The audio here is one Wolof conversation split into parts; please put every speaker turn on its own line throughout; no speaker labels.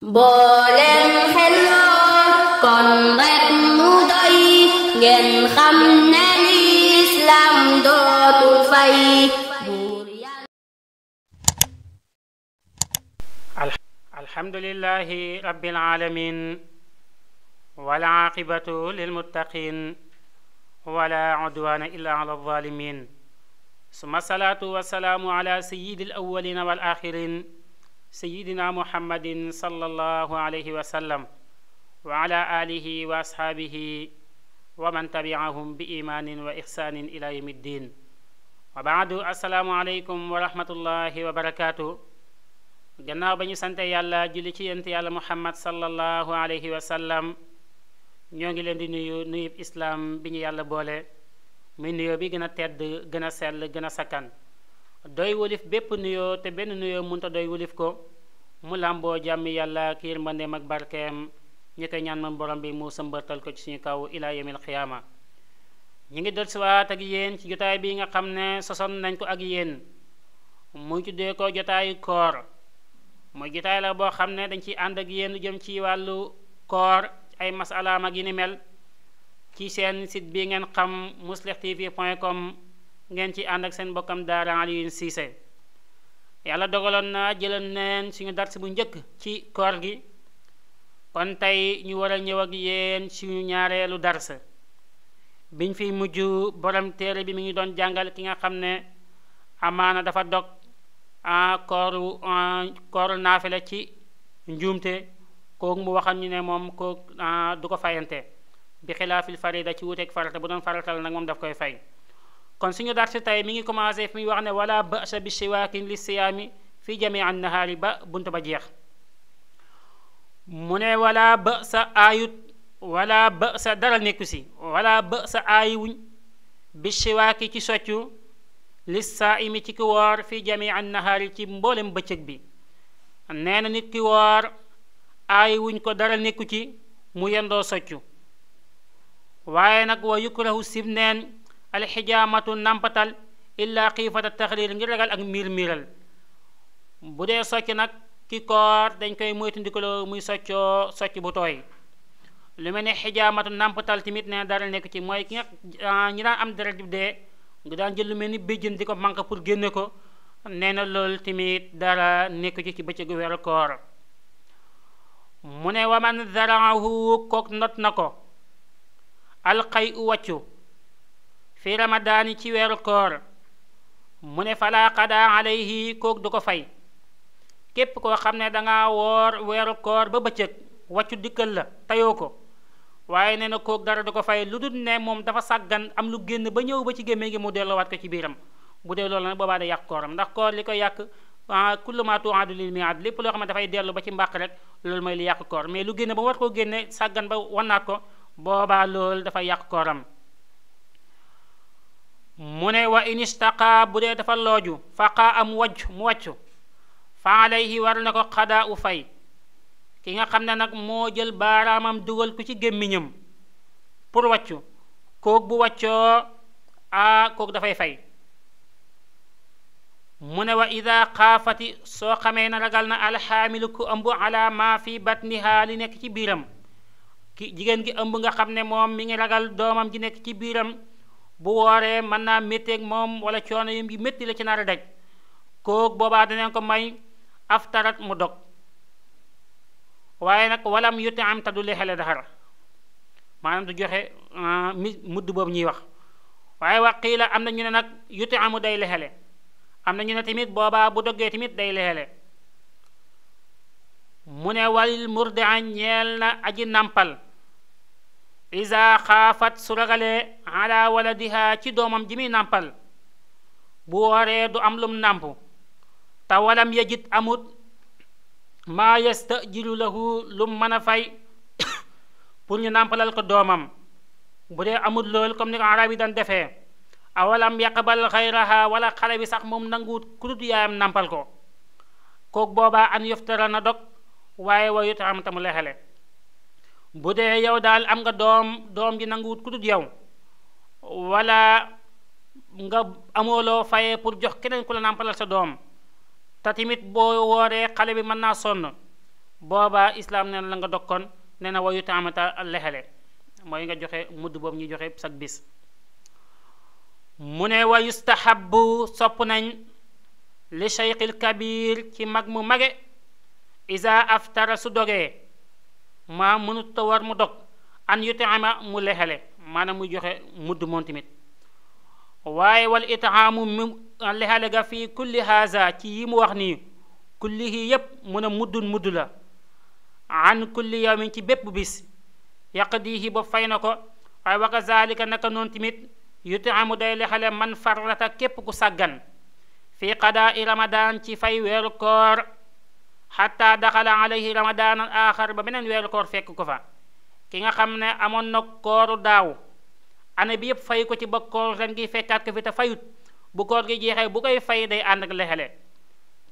booleen xelloon kon rekk mu doy ngeen xam ne lislaam dootul fay buur yàlla alhamdulillahi rabbil alamin wal aaqibatu lil muttaqin wala udwaana illa ala zalimin suma salaatu wa salaamu ala sayyidil awwalina wal axirin sayidina muhammadin sallallahu alayhi wa sallam wa ala alihi wa ashaabihi wa man tabiahum bi imaanin wa ixsaanin ila yawmi ddin wa baadu assalaamu aleykum wa rahmatullahi wa barakaatu gannaaw ba ñu sante yàlla julli ci yent yàlla muhammad sallallahu alayhi wa sallam ñoo ngi leen di nuyu nuyub islaam bi ñu yàlla boole muy nuyoo bi gën a tedd gën a sell gën a sakkan doy wulif bépp nuyoo te benn nuyoo munta doy wulif ko mu làmboo jàmm yàlla ki yërmandeem ak barkeem ñi koy ñaan man borom bi mu sëmbatal ko ci suñu kaw ilaa yawmil xiyaama ñu ngi del siwaat ak yéen ci jotaay bi nga xam ne sosoon nañ ko ak yéen muy tuddee ko jotaayu koor mooy jotaay la boo xam ne dañ ci ànd ak yéen jëm ci wàllu koor ay masalaam ak yi ni mel ci seen site bi ngeen xam mouslih tv com ngeen ci ànd ak seen mbokkam daara Alioune siise yàlla dogaloon na jëlan neen suñu dars bu njëkk ci koor gi kon tey ñu war a ñëw ak yéen suñu ñaareelu dars biñ fi mujj borom téere bi mu ngi doon jàngale ki nga xam ne amaana dafa dog a kooru kooru naafila ci njuumte kooku mu waxam ñu ne moom kooku du ko fayante bi xilaafil farida ci wuuteeg farata bu doon faratal nag moom daf koy fay kon suñu darsi tey mi ngi commencé fi muy wax ne wala ba'sa bi siwaakin li siyaami fi jamii an nahaari ba bunt ba jeex mu ne wala ba'sa aayut wala ba'sa dara nekku ci wala ba'sa aayuñ bi siwaaki ci soccu li saa'imi ci ki fi jamii an nahaari ci mboolem bëccëg bi nee na nit ki woor ko dara nekku ci mu yendoo soccu waaye nag wa yukrahu sib neen alxijaamatu nàmpatal ak miir miiral dee socc nag ki dañ koy moytundikuloo muy soccoo socc bu mel ne xijaamatu nàmpatal tamit ne nekk ci mooy ki nga ah, ñi am deret di dee nga daan jël lu mel ni béjjën di pour génne ko nee na loolu tamit nekk ci ci ne waman zaraahu kook na ko alxay u wàccu fi ramadaani ci weeru koor mu ne falaa qadaa alayhi kook du ko fay képp koo xam ne danga woor weeru koor ba bëccëg wàccu dikkal la teyoo ko waaye nee na kook dara du ko fay lu dul ne moom dafa sàggan am lu génn ba ñëw ba ci gémmee ngi mu delloowaat ko ci biiram bu dee loolu nag boobaa da yàq kooram ndax koor li ko yàq ah, kullu maa tu'aadu lil mii'aad lépp loo xam ne dafay dellu ba ci mbàq rek loolu mooy li yàq koor mais lu génn ba mu war koo génne sàggan ba wannaat ko boobaa loolu dafa yàq kooram mu ne wa inistaqa bu dee dafa looju faqaa am wàcc mu wàcc fa alayhi war na ko xadaa u fay ki nga xam ne nag moo jël baaraamam dugal ku ci gémmiñam pour wàccu kook bu waccoo a kook dafay fay mu ne wa ida xaafati soo xamee na ragal na alxaamilu ku ëmb ala maa fi batniha li nekk ci biiram ki jigéen gi ëmb nga xam ne moom mi ngi ragal doomam ji nekk ci biiram bu wooree mën naa métteeg moom wala coono yum yi métti la ci nar a daj kooku boobaa danañ ko may aftarat mu dog waaye nag walam yuti am te du leexale dara maanaam du joxe ah, mi mudd boobu ñuy wax waaye wax xii la am na ñu ne nag yuti amu day leexale am na ñu ne tamit boobaa bu doggee tamit day leexale mu ne walil murdi'a ñeel na aji nàmpal isa xaafat su ragalee ala waladiha ci doomam ji muy nàmpal bu wooree du am lum nàmp te walam yajit amut maa yastajilu lahu lum mën a fay pour ñu nàmpalal ko doomam bu dee amul lool comme ni ko arab yi daan defee awalam yaqbal xayraha wala xale bi sax moom nanguwut ku dut yaayam nàmpal ko kooku boobaa an yoftara na dog waaye wa yutam tamu lexele bu dee yow daal am nga doom doom ji nanguwut ku dut yow wala nga amooloo fayee pour jox keneen ku la nàmpalal sa doom te tamit boo wooree xale bi mën naa sonn booba islaam nee na la nga dokkoon nee na wayu taamata lexele mooy nga joxe mudd boobu ñuy joxe sag bis mu ne wa yustahabu sopp nañ li sheykhil kabir ci mag mu mage isa aftara su dogee maa mënut ta mu dog an yu taama mu lexele maanaam muy joxe mudd moom tamit waaye wal itaamu mu lexele ga fii kulli haza ci yi mu wax nii kullihi yépp mun a muddun mudd la an kulli yawmin ci bépp bis yaqdihi ba fay na ko waaye wa kazalika naka noonu tamit yu taamu day lexele man farrata képp ku sàggan fii qadaa i ci fay weeru koor xataa daxala alayhi ramadaanal aaxar ba beneen weeru koor fekk ko fa ki nga xam ne amoon na kooru daaw année bi yëpp fay ko ci ba koor ren gi fekkaat ko fi te fayut bu koor gi jeexee bu koy fay day ànd ak lexele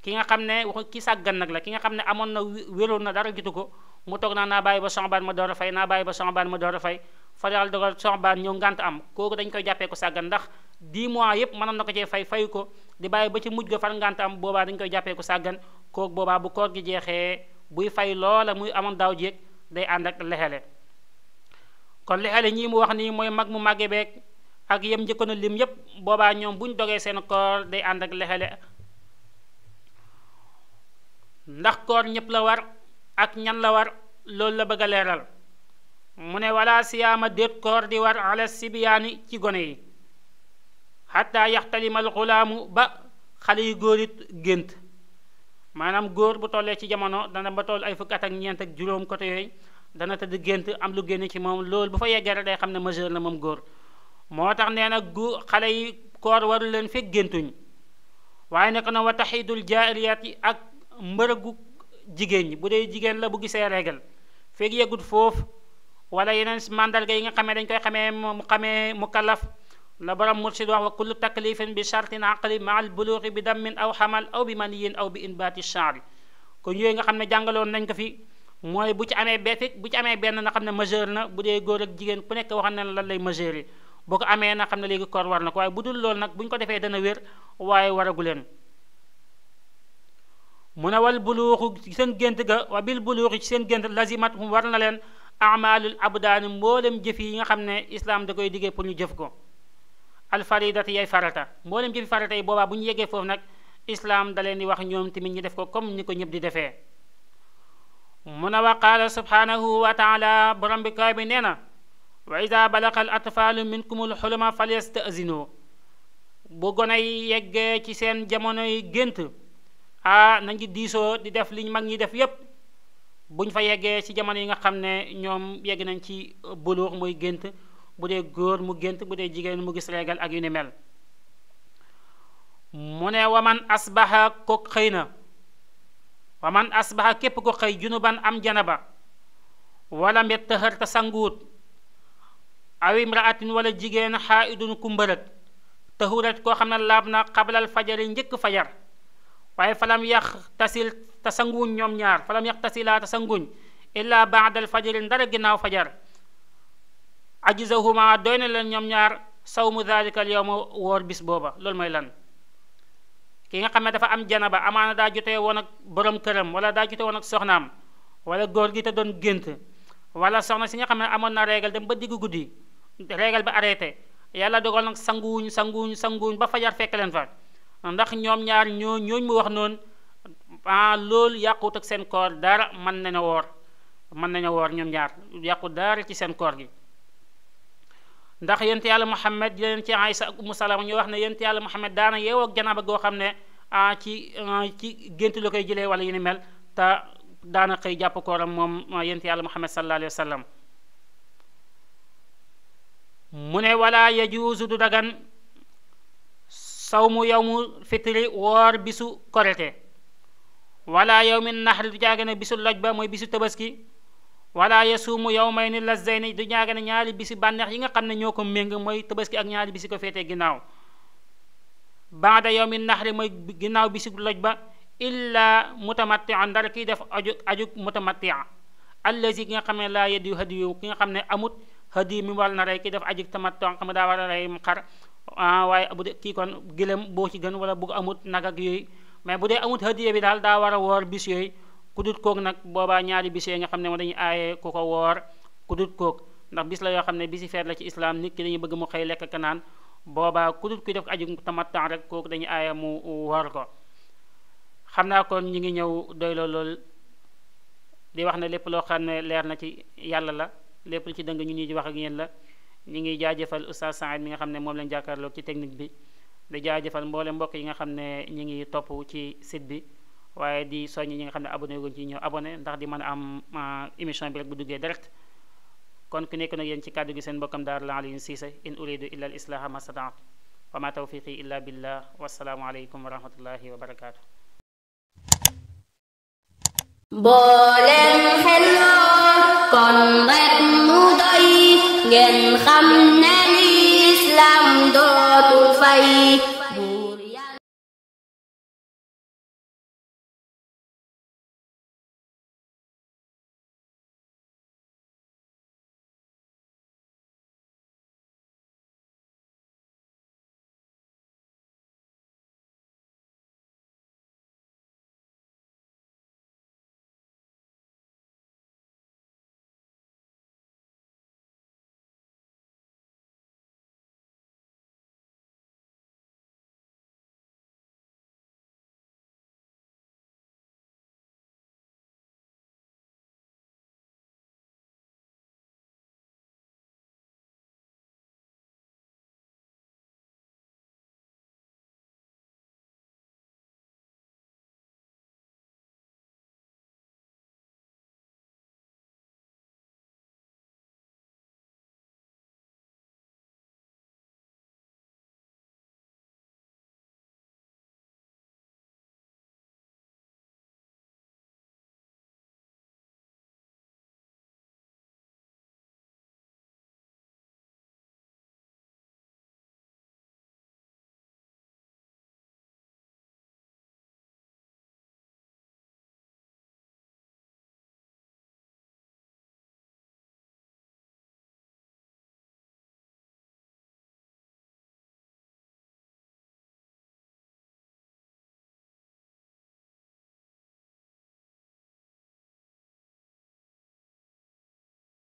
ki nga xam ne waxu ki sàggan nag la ki nga xam ne amoon na wéroon na dara jitu ko mu toog naa naa bàyyi ba Shaabaan ma door a fay naa bàyyi ba Shaabaan ma door a fay fa daal dogal Shaabaan ñëw ngànt am kooku dañ koy jàppee ko sàggan ndax 10 mois yëpp mënoon na ko cee fay fayu ko di bàyyi ba ci mujj ga far am boobaa dañ koy jàppee ko sàggan kook booba bu koor gi jeexee buy fay loola muy amoon daaw jéeg day ànd ak lexele kon lexele ñii mu wax nii mooy mag mu màgge beeg ak yem njëkkoon lim yépp boobaa ñoom buñ dogee seen koor day ànd ak lexele ndax koor ñépp la war ak ñan la war loolu la bëgg a leeral mu ne wala siyaama déet koor di war ala sibiyaani ci gone yi xataa yaxtalimal xulaamu ba xale yu góor it gént maanaam góor bu tollee ci jamono dana ba toll ay fukk at ak ñeent ak juróom côté yooyu dana tëdd gént am lu génn ci moom loolu bu fa yeggee rek day xam ne majeur na moom góor moo tax nee na gu xale yi koor waru leen fekk géntuñ waaye nag na wa taxidul jaariyaat yi ak mbërëgu jigéen ñi bu dee jigéen la bu gisee régal fekk yeggut foofu wala yeneen mandarga yi nga xame dañ koy xamee mu xamee mu kalaf la borom mursid wax wa kullu taklifin bi shartin aqli ma al buluuxi bi dammin aw xamal aw bi maniyin aw bi inbaati shaari kon yooyu nga xam ne jàngaloon nañ ko fi mooy bu ci amee benn bu ci amee benn na xam ne majeur na bu dee góor ak jigéen ku nekk wax na lan lay majeur boo ko amee na xam ne léegi koor war na ko waaye bu dul loolu nag buñ ko defee dana wér waaye waragu leen mu ne wal buluuxu seen gént ga wa bil buluuxi ci seen gént lazimat mu war na leen amaalul abdaani mboolem jëf yi nga xam ne islaam da koy diggee pour ñu jëf ko alfaridati yay farata mboolem jëfi farata yi boobaa bu ñu yeggee foofu nag islaam da leen di wax ñoom tamit ñu def ko comme ni ko ñëpp di defee mu ne wa qaala subhanahu borom bi kaw bi nee na wa ida balaqa al atfaalu minkumul xuluma falyastazinu bu gone yi yeggee ci seen jamonoy gént ah nañu diisoo di def liñ mag ñi def yépp buñ fa yeggee ci jamono yi nga xam ne ñoom yegg nañ ci bulux muy gént bu dee góor mu gént bu dee jigéen mu gis reegal ak yu ni mel mu ne waman asbaxa ko xëy na waman asbaxa képp ko xëy junuban am janaba wala mbet taxar ta sanguut aw imraatin wala jigéen xaaidun kumbërëg taxurat koo xam ne laab na xablal fajari njëkk fajar waaye falam yax tasil ta sanguñ ñoom ñaar falam yax tasilaa ta sanguñ illaa baadal fajari ndara ginnaaw fajar ajizahuma doy na leen ñoom ñaar saw sawmu dalika al yawma woor bis booba loolu mooy lan ki nga xam ne dafa am jana ba amaana daa jotee woon ak borom këram wala daa jotee woon ak soxnaam wala góor gi te doon gént wala soxna si nga xam ne amoon na régal dem ba diggu guddi régal ba arrêté yàlla dogal nag sanguwuñ sanguwuñ sanguwuñ ba fajar fekk leen fa ndax ñoom ñaar ñoo ñooñ mu wax noon ah loolu yàquut ak seen koor dara mën ne woor mën nañu woor ñoom ñaar yàqu dara ci seen koor gi ndax yent yàlla Muhammad yent ci Aysa ak Umu Salama wax ne yent yàlla Muhammad daana yeew ak janaaba goo xam ne ci ci gént la koy jëlee wala yu ni mel te daana xëy jàpp kooram moom yent yàlla Muhammad sallallahu alayhi wa mu ne wala yajuusu du dagan sawmu yawmu fitri woor bisu korite wala yawmi nahri du jaage ne bisu loj mooy bisu tabaski wala yasuumu yawmayni lazzayni du ñaage ne ñaari bisi bànneex yi nga xam ne ñoo ko méng mooy ki ak ñaari bisi ko féetee ginnaaw baada yawmi naxri mooy ginnaaw bisi loj ba illa mutamattian dara kiy def aju aju mutamattia allazi ki nga xam ne laa yediyu hadiyu ki nga xam ne amut hadiyu mi war na rey kiy def aju tamattu xam ne daa war a rey mu xar ah, waaye bu dee kii kon gëlëm boo ci gën wala bugg amut nag ak yooyu mais bu dee amut hadiyu bi daal daa war a woor bis yooyu ku kook nag booba ñaari bis yi nga xam ne moom dañuy aaye ku ko woor ku dut koog ndax bis la yoo xam ne bisi feet la ci islaam nit ki dañuy bëgg mu xëy lekk ka naan boobaa ku dut kuy def aju tamattan rek kooku dañuy aaye mu woor ko xam naa kon ñi ngi ñëw doy lool di wax ne lépp loo xam ne leer na ci yàlla la lépp lu ci dëng ñu nii di wax ak yéen la ñi ngi jaajëfal oustaz Saïd mi nga xam ne moom lañ jàkkaarloog ci technique bi di jaajëfal mboole mbokk yi nga xam ne ñi ngi topp ci site bi waaye di soññ ñi nga xam ne abonné wuñ ci ñëw abonné ndax di man a am émission bi rek bu duggee direct kon ku nekk na yéen ci kàddu gi seen mbokkam daar la Alioune Cissé in uridu illa al islaha ma stataat wa ma tawfiqi illa billah wasalaamu aleykum wa rahmatullahi wa barakaatu kon ngeen xam ne lislaam dootul fay